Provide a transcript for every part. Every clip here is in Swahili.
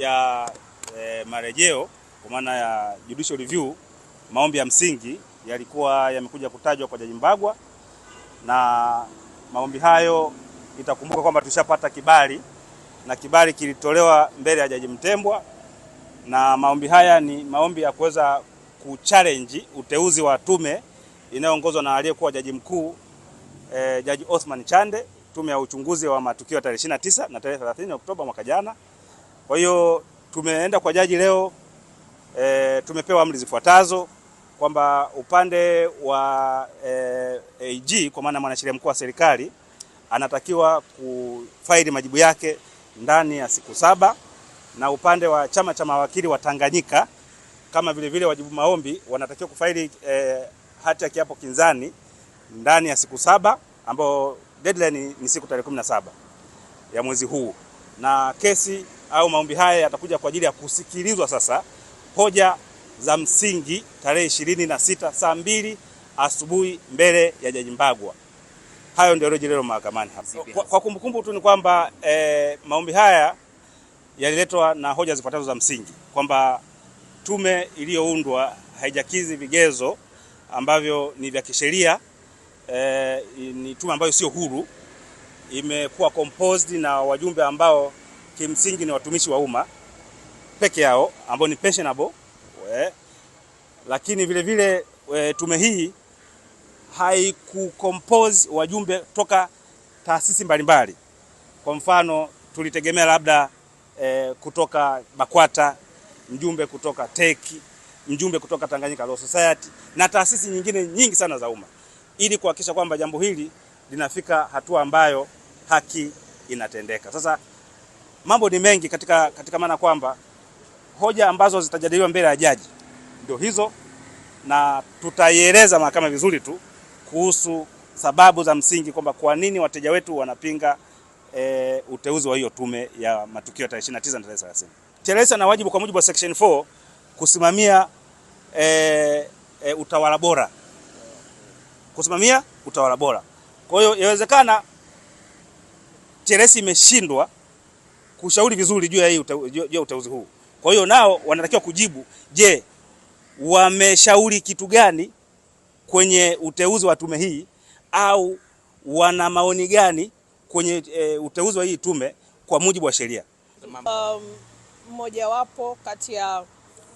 ya e, marejeo kwa maana ya judicial review, maombi ya msingi yalikuwa yamekuja kutajwa kwa Jaji Mbagwa na maombi hayo itakumbuka kwamba tushapata kibali na kibali kilitolewa mbele ya Jaji Mtembwa, na maombi haya ni maombi ya kuweza kuchallenge uteuzi wa tume inayoongozwa na aliyekuwa jaji mkuu e, Jaji Othman Chande, tume ya uchunguzi wa matukio ya tarehe 29 na tarehe 30 Oktoba mwaka jana. Kwa hiyo tumeenda kwa jaji leo e, tumepewa amri zifuatazo kwamba upande wa e, AG kwa maana mwanasheria mkuu wa serikali anatakiwa kufaili majibu yake ndani ya siku saba, na upande wa chama cha mawakili wa Tanganyika kama vile vile wajibu maombi wanatakiwa kufaili e, hati ya kiapo kinzani ndani ya siku saba ambao deadline ni siku tarehe 17 ya mwezi huu na kesi au maombi haya yatakuja kwa ajili ya kusikilizwa sasa hoja za msingi tarehe ishirini na sita saa mbili asubuhi mbele ya Jaji Mbagwa. Hayo ndio yaliyojiri leo mahakamani hapa. Kwa, kwa kumbukumbu tu ni kwamba e, maombi haya yaliletwa na hoja zifuatazo za msingi kwamba tume iliyoundwa haijakizi vigezo ambavyo ni vya kisheria e, ni tume ambayo sio huru, imekuwa composed na wajumbe ambao kimsingi ni watumishi wa umma peke yao ambao ni pensionable we, eh, lakini vile vile we, eh, tume hii haikukompose wajumbe toka taasisi mbalimbali. Kwa mfano tulitegemea labda e, kutoka BAKWATA mjumbe kutoka teki mjumbe kutoka Tanganyika Law Society na taasisi nyingine nyingi sana za umma ili kuhakikisha kwamba jambo hili linafika hatua ambayo haki inatendeka. Sasa mambo ni mengi katika, katika maana kwamba hoja ambazo zitajadiliwa mbele ya jaji ndio hizo, na tutaieleza mahakama vizuri tu kuhusu sababu za msingi kwamba kwa nini wateja wetu wanapinga e, uteuzi wa hiyo tume ya matukio tarehe 29 na tarehe 30. TLS ana wajibu kwa mujibu wa section 4 kusimamia e, e, utawala bora, kusimamia utawala bora. Kwa hiyo inawezekana TLS imeshindwa kushauri vizuri juu ya hii juu ya uteuzi huu. Kwa hiyo nao wanatakiwa kujibu, je, wameshauri kitu gani kwenye uteuzi wa tume hii au wana maoni gani kwenye e, uteuzi wa hii tume kwa mujibu wa sheria. Um, mmojawapo um, kati ya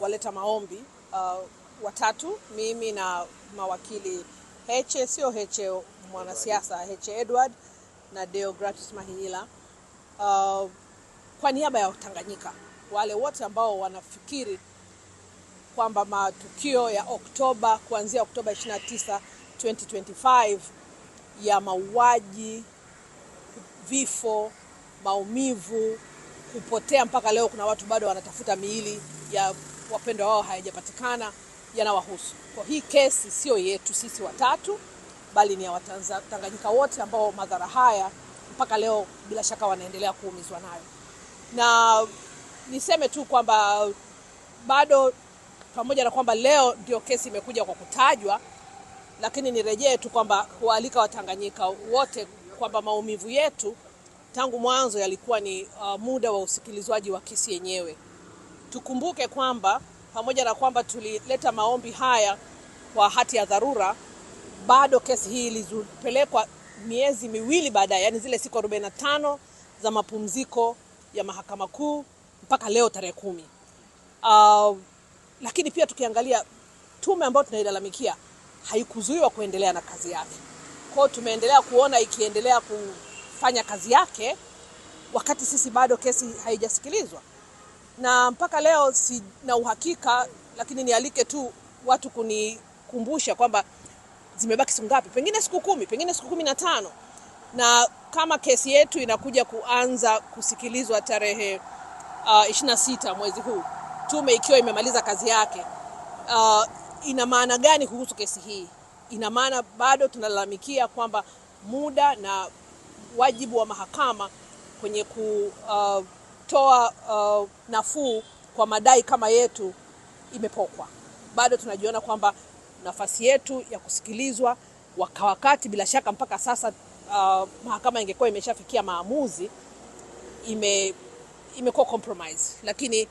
waleta maombi uh, watatu mimi na mawakili Heche, sio Heche mwanasiasa, Heche Edward na Deogratis Mahinyila uh, kwa niaba ya tanganyika wale wote ambao wanafikiri kwamba matukio ya Oktoba kuanzia Oktoba 29, 2025 ya mauaji, vifo, maumivu, kupotea mpaka leo kuna watu bado wanatafuta miili ya wapendwa wao hayajapatikana yanawahusu. Kwa hii kesi siyo yetu sisi watatu, bali ni ya Watanganyika wote ambao madhara haya mpaka leo bila shaka wanaendelea kuumizwa nayo na niseme tu kwamba bado pamoja na kwamba leo ndio kesi imekuja kwa kutajwa, lakini nirejee tu kwamba hualika Watanganyika wote kwamba maumivu yetu tangu mwanzo yalikuwa ni uh, muda wa usikilizwaji wa kesi yenyewe. Tukumbuke kwamba pamoja na kwamba tulileta maombi haya kwa hati ya dharura, bado kesi hii ilipelekwa miezi miwili baadaye, yani zile siku 45 za mapumziko ya mahakama kuu mpaka leo tarehe kumi. Uh, lakini pia tukiangalia tume ambayo tunailalamikia haikuzuiwa kuendelea na kazi yake. Kwa tumeendelea kuona ikiendelea kufanya kazi yake wakati sisi bado kesi haijasikilizwa, na mpaka leo sina uhakika, lakini nialike tu watu kunikumbusha kwamba zimebaki siku ngapi, pengine siku kumi, pengine siku kumi na tano na kama kesi yetu inakuja kuanza kusikilizwa tarehe uh, 26 mwezi huu, tume ikiwa imemaliza kazi yake, uh, ina maana gani kuhusu kesi hii? Ina maana bado tunalalamikia kwamba muda na wajibu wa mahakama kwenye kutoa uh, uh, nafuu kwa madai kama yetu imepokwa. Bado tunajiona kwamba nafasi yetu ya kusikilizwa kwa wakati, bila shaka mpaka sasa uh, mahakama ingekuwa imeshafikia maamuzi ime imekuwa compromise, lakini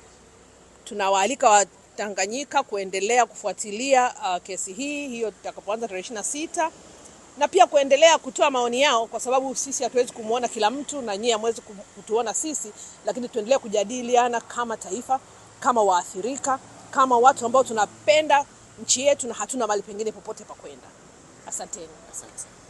tunawaalika Watanganyika kuendelea kufuatilia uh, kesi hii hiyo itakapoanza tarehe ishirini na sita na pia kuendelea kutoa maoni yao, kwa sababu sisi hatuwezi kumwona kila mtu na nyie amwezi kutuona sisi, lakini tuendelee kujadiliana kama taifa, kama waathirika, kama watu ambao tunapenda nchi yetu na hatuna mali pengine popote pa kwenda. Asanteni, asante.